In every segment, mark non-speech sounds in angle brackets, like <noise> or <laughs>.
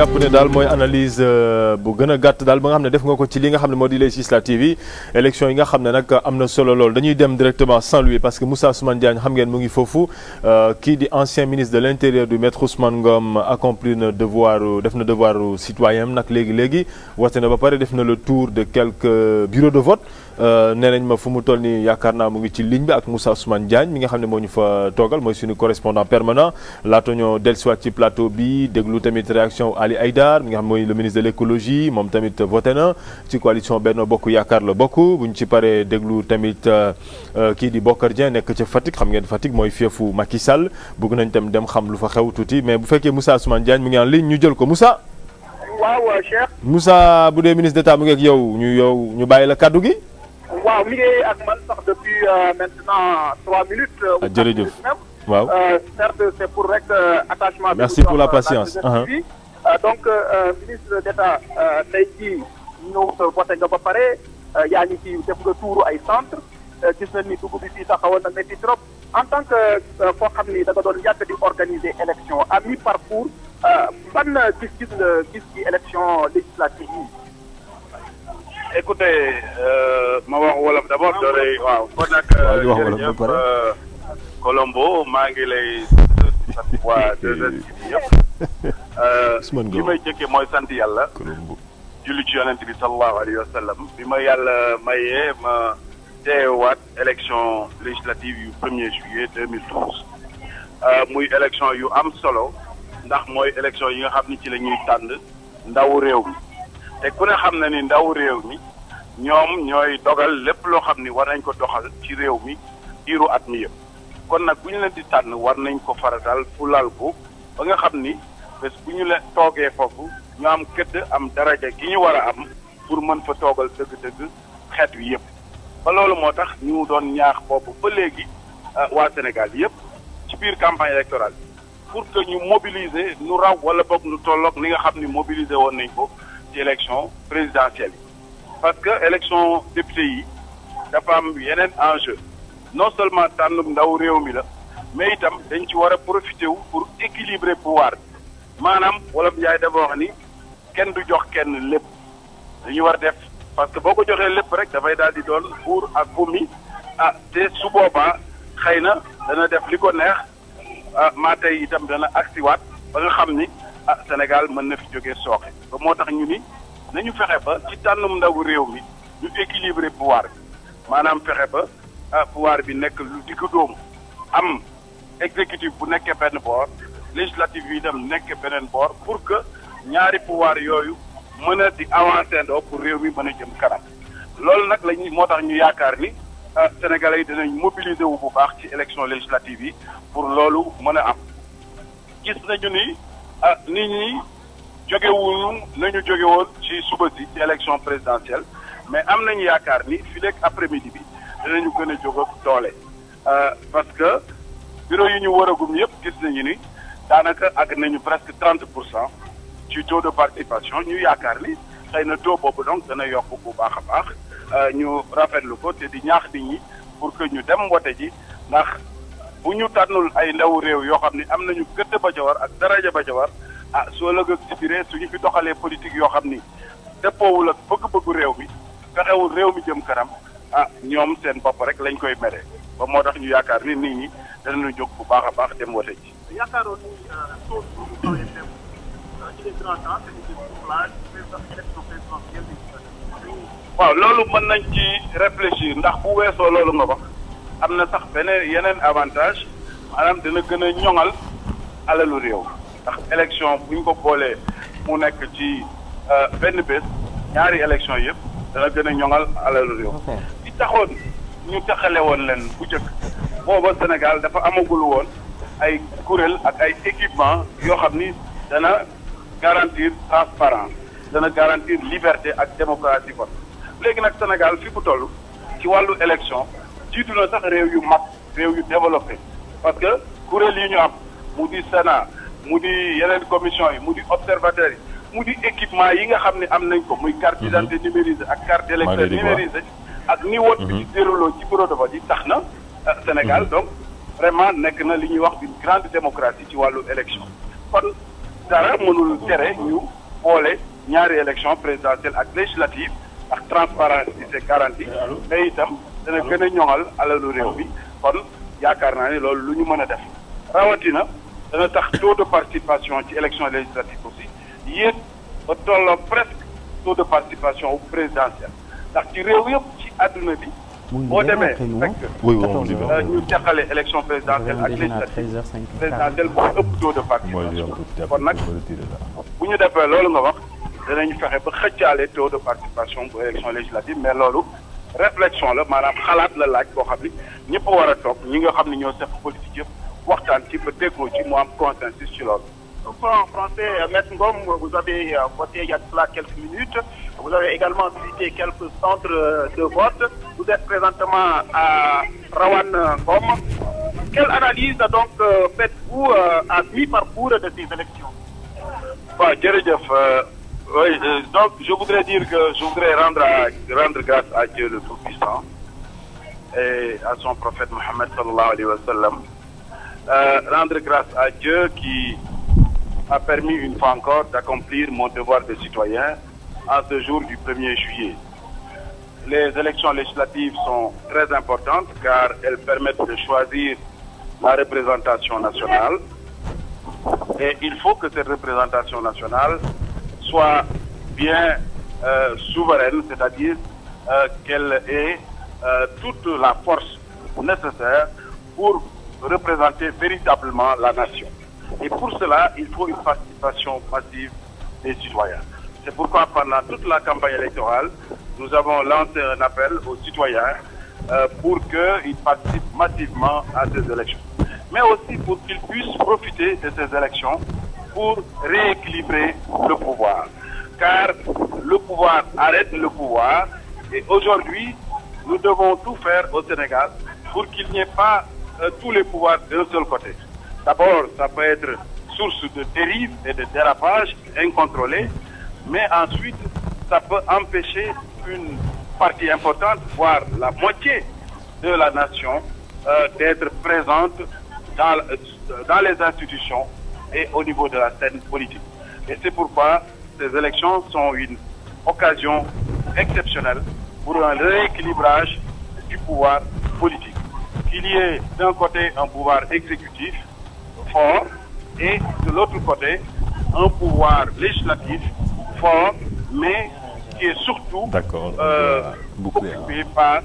jàpp ne daal mooy analyse euh, bu gën a gàtt daal ba nga xam ne def nga ko ci li nga xam ne moo di législative yi élection yi nga xam ne nag am na solo lool dañuy dem directement sans lui parce que Moussa Ousmane Diagne xam ngeen mu ngi foofu euh, kii di ancien ministre de l' intérieur du maître Ousmane Ngom accompli na devoir def na devoir citoyen euh, mi nga xam ne moo ñu fa toogal mooy suñu correspondant permanent laata ñoo dellusiwaat ci plateau bi déglu tamit réaction Ali Haïdar mi nga xam mooy le ministre de l'écologie moom tamit voté na ci coalition Benno Bokk Yaakaar la bokk bu ñu ci paree déglu tamit euh, euh, kii di Bokar Dieng nekk ca Fatick xam ngeen Fatick mooy fu makki Sall bëgg nañ tam dem xam lu fa xew tuuti mais bu fekkee Moussa Ousmane Diagne mi ngi en ligne ñu jël ko Moussa. waaw bu dee ministre d'État mu ngi ak yow ñu yow ñu bàyyi la kaddu gi. waaw merci pour la euh, patience. Euh, donc euh, euh, ministre d'État tey jii ñëw voté nga ba pare yaa ngi ci def nga tour ay centre gis nañ ni dugub bi fii sax xawoon na métti trop en tant que koo xam ni da nga doon yàgg di organiser élection à mi parcours man gis-gis nga gis ci élection législative yi. écoutez ma wax wolof d'abord ah, doole waaw kon nag. jërëjëf maa ngi lay. <laughs> waa 2STV yëpp. Euh, bi may jëkkee mooy sant yàlla. julli ci yonent bi sallallahu alayhi wa sallam. bi ma yàlla mayee ma wat élection législative yu premier juillet deux mille douze. Euh, muy élection yu am solo ndax mooy élection yi nga xam ni ci lañuy ñuy tànn ndawu réew mi te ku ne xam na ni ndawu réew mi ñoom ñooy dogal lépp loo xam ni war nañ ko doxal ci réew mi diiru at mi yëpp kon nag bu ñu leen di tànn war nañ ko faratal fulal ko ba nga xam ni. bés bu ñu leen toogee foofu ñu am këdd am daraja gi ñu war a am pour mën fa toogal dëgg-dëgg xeet wi yëpp ba loolu moo tax ñu doon ñaax boobu ba léegi euh, waa Sénégal yëpp ci biir campagne électorale pour que ñu mobiliser nu raw wala boog nu tolloog ni nga xam ni mobiliser woon nañ ko ci élection présidentielle parce que élection député yi dafa am yeneen enjeu non seulement tànnum ndaw réew mi la mais itam dañ ci war a profité wu pour équilibrer pouvoir maanaam wolof Njaay dafa wax ni kenn du jox kenn lépp dañu war def parce que boo ko joxee lépp rek dafay daal di doon buur ak bumi ah te su boobaa xëy na dana def li ko neex ah tey itam dana agsiwaat ba nga xam ni a ah, Sénégal mën na fi jógee sooxe ba moo tax ñu ni nañu fexe ba ci tànnum ndawu réew mi ñu équilibré pouvoir bi maanaam fexe ba ah pouvoir bi nekk lu digg dóomu am exécutif bu nekkee benn boor. législative yi dem nekk beneen boor pour que ñaari pouvoir yooyu mën a di avancer ndoo pour réew mi mën a jëm kanam loolu nag la ñuy moo tax ñu yaakaar ni ah, sénégalais yi dinañ mobiliser wu bu baax ci élection législative yi pour loolu mën a am gis nañu ni ah, ni ñi jógewuñu nañu jóge woon ci suba si ci élection présidentielle mais am nañu yaakaar ni fii léegi après midi bi dinañu gën a jóg ak doole ah, parce que bureau yi ñu waragum yëpp gis nañu ni daanaka àgg nañu presque trente pour cent ci taux de participation ñu yaakaar ni xëy na taux boobu donc dana yokk bu baax a baax euh, ñu rafetlu ko te di ñaax nit ñi pour que ñu dem wote ji ndax bu ñu tànnul ay ndaw réew yoo xam ne am nañu gëdd ba ca war ak daraja ba ca war ah soo lëg ak si biir suñu fi doxalee politique yoo xam ni dëppoowul ak bëgg-bëggu réew mi fexewul réew mi jëm kanam ah ñoom seen bopp rek lañ koy mere ba moo tax ñu yaakaar ni nit ñi danañu jóg bu baax a baax dem wote ji yaakaaroon ni euh, euh, waaw loolu mën nañ ci réfléchir ndax bu weesoo loolu nga wax am na sax beneen yeneen avantage maanaam dana gën a ñoŋal alalu réew ndax élection bu ñu ko boolee mu nekk ci euh, benn bés ñaari élection yëpp dana gën a ñoŋal alalu réew li taxoon ñu taxale woon leen bu njëkk booba Sénégal dafa amagul woon ay kuréel ak ay équipement yoo xam ni dana garantir transparence dana garantir liberté ak démocratie vote léegi nag Sénégal fi bu toll ci wàllu élection jiitu na sax réew yu mag réew yu développé parce que kuréel yi ñu am mu di Sénat mu di yeneen commission yi mu di observateur yi mu di équipement yi nga xam ne am nañ ko muy carte mhm. d'identité numérisée ak carte d'électeur numérisée ak ni wote bi di déroulé ci bureau de di tax na euh, Sénégal mhm. donc vraiment nekk na li ñuy wax une grande démocratie ci wàllu élection kon dara mënul tere ñu boole ñaari élection présidentielle ak législative ak transparence bi c'est garanti te itam dana gën a ñoŋal alalu réew bi kon yaakaar naa ni loolu lu ñu mën a def rawatina dana tax taux de participation ci élection législative aussi yéeg ba tolloo presque taux de participation présidentielle ndax ci réew yëpp ci àdduna bi boo demee fekk ñu teqale euh, élection présidentielle ak législative présidentielle bu ëpp taux de participation kon nag bu ñu defee loolu nga wax danañu fexe ba xëccaale taux de participation bu élection législative mais loolu réflexion la maanaam xalaat la laaj boo xam ni ñëpp war a toog ñi nga xam ni ñoo seq politique yëpp waxtaan ci ba déggoo ci mu am consensus ci loolu. en français Maître Ngom vous avez euh, voté il y a cela quelques Vous avez également visité quelques centres euh, de vote. Vous êtes présentement à Rawan Ngom. Quelle analyse donc euh, faites-vous euh, à mi-parcours de ces élections je voudrais dire que je voudrais rendre, grâce à Dieu le Tout-Puissant et à son prophète Mohammed sallallahu alayhi wa d'accomplir mon devoir de citoyen à ce jour du 1er juillet. Les élections législatives sont très importantes car elles permettent de choisir la représentation nationale et il faut que cette représentation nationale soit bien euh, souveraine, c'est-à-dire euh, qu'elle ait euh, toute la force nécessaire pour représenter véritablement la nation. Et pour cela, il faut une participation massive des citoyens. C'est pourquoi pendant toute la campagne électorale, nous avons lancé un appel aux citoyens euh, pour qu'ils participent à ces élections. Mais aussi pour qu'ils puissent de ces élections pour rééquilibrer le pouvoir. Car le pouvoir arrête le pouvoir et aujourd'hui, nous devons tout faire au Sénégal pour qu'il n'y ait pas euh, tous les pouvoirs d'un seul côté. D'abord, ça peut être source de dérives et de dérapages incontrôlés, mais ensuite, ça peut empêcher une partie importante, voire la moitié de la nation, euh, d'être présente dans, dans les institutions et au niveau de la scène politique. Et c'est pourquoi ces élections sont une occasion exceptionnelle pour un rééquilibrage du pouvoir politique. Qu'il y ait d'un côté un pouvoir exécutif fort et de l'autre côté un pouvoir législatif fort, mais qui est surtout euh, euh par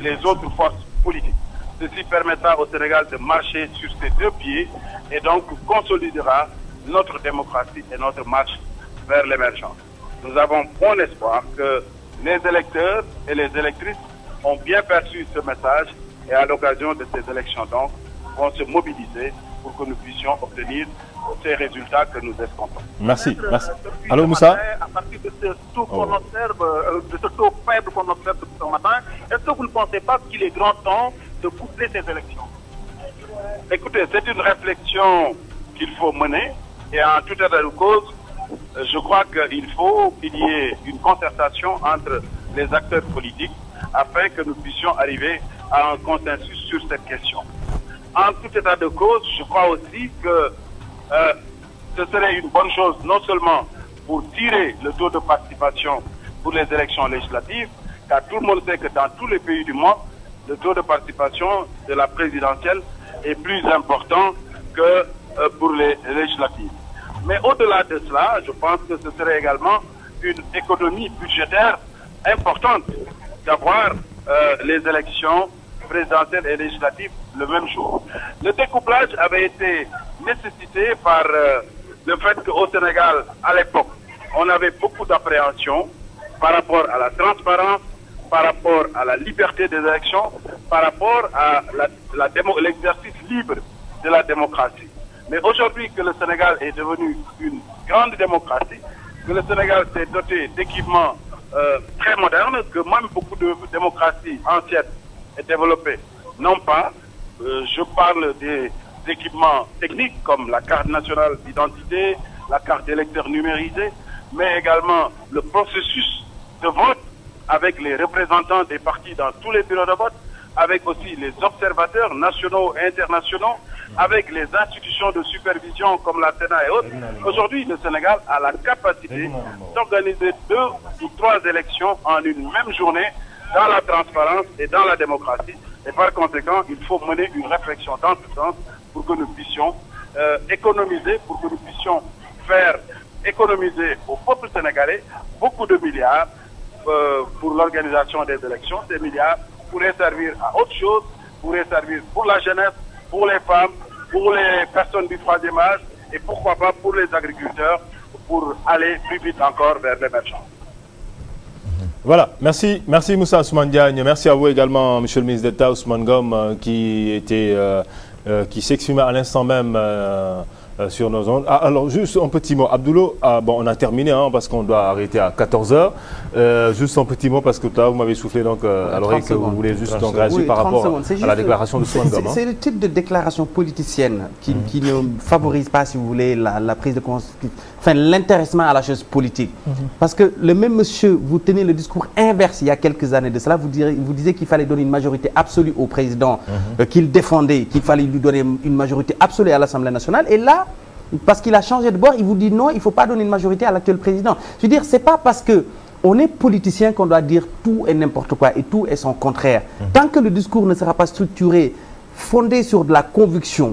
les autres forces politiques. Ceci permettra au Sénégal de marcher sur ses deux pieds et donc consolidera notre démocratie et notre marche vers l'émergence. Nous avons bon espoir que les électeurs et les électrices ont bien perçu ce message et à l'occasion de ces élections donc vont se mobiliser pour que nous puissions obtenir ces résultats que nous escomptons. Merci, merci. Euh, Allô Moussa matin, À partir de ce taux oh. qu'on observe, euh, de ce matin, est-ce que vous ne pensez pas qu'il est grand temps de coupler ces élections Écoutez, c'est une réflexion en tout état de cause, je crois qu'il y ait une concertation entre les acteurs politiques afin que nous puissions arriver à un consensus sur cette question. En tout état de cause, je crois aussi que euh, ce serait une bonne chose non seulement pour tirer le taux de participation pour les élections législatives, car tout le monde sait que dans tous les pays du monde, le taux de participation de la présidentielle est plus important que euh, pour les législatives. Mais au-delà de cela, je pense que ce serait également une économie budgétaire importante d'avoir euh, les élections présidentielles et législatives le même jour. Le découplage avait été nécessité par euh, le fait qu'au Sénégal, à l'époque, on avait beaucoup d'appréhension par rapport à la transparence, par rapport à la liberté des élections, par rapport à l'exercice la, la libre de la démocratie. Mais aujourd'hui que le Sénégal est devenu une grande démocratie, que le Sénégal s'est doté d'équipements euh, très modernes, que même beaucoup de démocraties anciennes et développées n'ont pas, euh, je parle des équipements techniques comme la carte nationale d'identité, la carte d'électeur numérisée, mais également le processus de vote avec les représentants des partis dans tous les bureaux de vote, avec aussi les observateurs nationaux et internationaux, avec les institutions de supervision comme la Sénat et Aujourd'hui, le Sénégal a la capacité d'organiser deux ou trois élections en une même journée dans la transparence et dans la démocratie. Et par conséquent, il faut mener une réflexion pour que nous puissions euh, économiser, pour que nous puissions faire économiser au peuple sénégalais beaucoup de milliards euh, pour l'organisation des élections. des milliards pourraient servir à autre chose, pourraient pour la jeunesse, pour les femmes, pour les personnes du troisième âge et pourquoi pas pour les agriculteurs pour aller plus vite encore vers l'émergence. Voilà, merci, merci Moussa Ousmane Diagne. Merci à vous également, Monsieur le ministre d'État Ousmane euh, qui euh, Euh, qui s'exprimait à l'instant même euh, euh, sur nos ondes. Ah, alors, juste un petit mot. Abdoulo, ah, bon, on a terminé hein, parce qu'on doit arrêter à 14h. Euh, juste un petit mot parce que tout à l'heure, vous m'avez soufflé donc, euh, alors que secondes. vous voulez juste donc, réagir oui, par rapport à la déclaration de Swangam. C'est hein. le type de déclaration politicienne qui, mmh. qui ne favorise pas, si vous voulez, la, la prise de conscience enfin l'intéressement à la chose politique. Mm -hmm. Parce que le même monsieur, vous tenez le discours inverse il y a quelques années de cela, vous, direz, vous disiez qu'il fallait donner une majorité absolue au président, mm -hmm. euh, qu'il défendait, qu'il fallait lui donner une majorité absolue à l'Assemblée nationale. Et là, parce qu'il a changé de bord, il vous dit non, il ne faut pas donner une majorité à l'actuel président. Je veux dire, ce n'est pas parce que on est politicien qu'on doit dire tout et n'importe quoi et tout et son contraire. Mmh. Tant que le discours ne sera pas structuré, fondé sur de la conviction,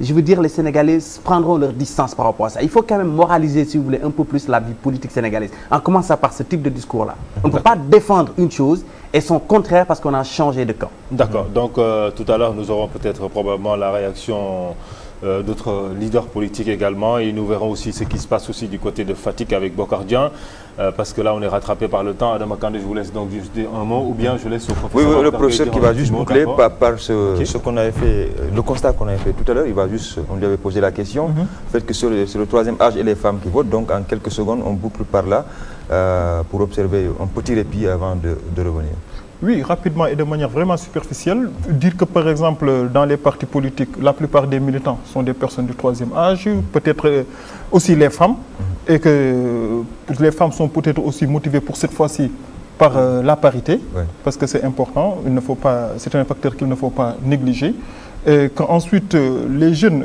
je veux dire les Sénégalais prendront leur distance par rapport à ça. Il faut quand même moraliser, si vous voulez, un peu plus la vie politique sénégalaise, en commençant par ce type de discours-là. On ne peut pas défendre une chose et son contraire parce qu'on a changé de camp. D'accord. Donc, euh, tout à l'heure, nous aurons peut-être probablement la réaction Euh, d'autres leaders politiques également. Et nous verrons aussi ce qui se passe aussi du côté de Fatick avec Bocardien, euh, parce que là, on est rattrapé par le temps. Adam Akande, je vous laisse donc juste un mot, ou bien je laisse au professeur. Oui, oui le professeur qui va juste boucler par, par, ce, okay. ce qu'on avait fait, euh, le constat qu'on avait fait tout à l'heure. Il va juste, on lui avait posé la question, mm -hmm. le fait que sur le, sur le troisième âge et les femmes qui votent, donc en quelques secondes, on boucle par là. Euh, pour observer un petit répit avant de, de revenir. Oui, rapidement et de manière vraiment superficielle. Dire que, par exemple, dans les partis politiques, la plupart des militants sont des personnes du troisième âge, peut-être euh, aussi les femmes, et que euh, les femmes sont peut-être aussi motivées pour cette fois-ci par euh, la parité, ouais. parce que c'est important, il ne faut pas, c'est un facteur qu'il ne faut pas négliger. Et qu'ensuite, euh, les jeunes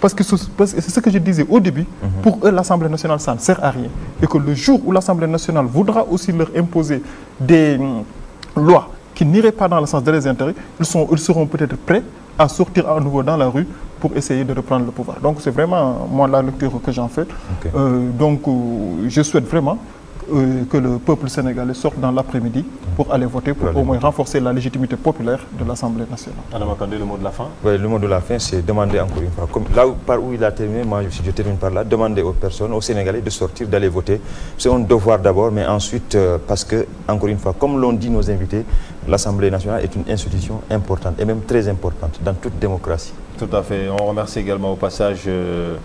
Parce que c'est ce que je disais au début, mhm. pour eux, l'Assemblée nationale, ça ne sert à rien. Et que le jour où l'Assemblée nationale voudra aussi leur imposer des lois qui n'iraient pas dans le sens de leurs intérêts, ils, sont, ils seront peut-être prêts à sortir à nouveau dans la rue pour essayer de reprendre le pouvoir. Donc c'est vraiment, moi, la lecture que j'en fais. Okay. Euh, donc, euh, je souhaite vraiment euh, que le peuple sénégalais sorte dans l'après-midi pour aller voter, pour au moins renforcer la légitimité populaire de l'Assemblée nationale. Madame Akandé, le mot de la fin Oui, le mot de la fin, c'est demander encore une fois, comme là où, par où il a terminé, moi je, je termine par là, demander aux personnes, aux Sénégalais de sortir, d'aller voter. C'est un devoir d'abord, mais ensuite, euh, parce que, encore une fois, comme l'ont dit nos invités, l'Assemblée nationale est une institution importante, et même très importante, dans toute démocratie. Tout à fait. On remercie également au passage... Euh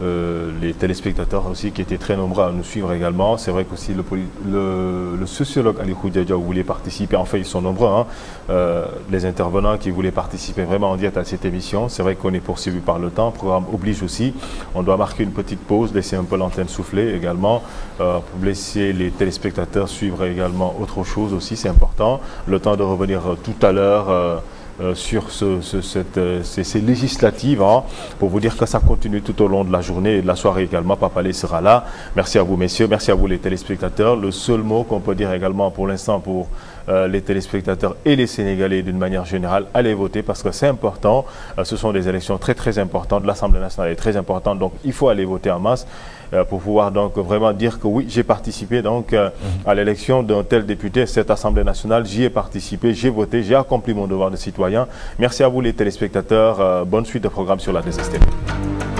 Euh, les téléspectateurs aussi qui étaient très nombreux à nous suivre également. C'est vrai qu'aussi le, le, le, sociologue Ali Khoudiadja voulait participer. En fait, ils sont nombreux, hein, euh, les intervenants qui voulaient participer vraiment en direct à cette émission. C'est vrai qu'on est poursuivi par le temps. Le programme oblige aussi. On doit marquer une petite pause, laisser un peu l'antenne souffler également, euh, pour laisser les téléspectateurs suivre également autre chose aussi. C'est important. Le temps de revenir tout à l'heure Euh, sur ce, ce, cette, euh, ces, ces législatives hein, pour vous dire que ça continue tout au long de la journée et de la soirée également. Papalé sera là. Merci à vous, messieurs. Merci à vous, les téléspectateurs. Le seul mot qu'on peut dire pour l'instant pour euh, les téléspectateurs et les Sénégalais d'une manière générale, allez voter parce que c'est important. Euh, ce sont des élections très, très importantes. L'Assemblée nationale est très importante, il faut aller voter en masse. Euh, pour pouvoir donc vraiment dire que oui, j'ai participé donc euh, mhm. à l'élection d'un tel député, cette Assemblée nationale, j'y ai participé, j'ai voté, j'ai accompli mon devoir de citoyen. Merci à vous les téléspectateurs. Euh, bonne suite de programme sur la DSTV.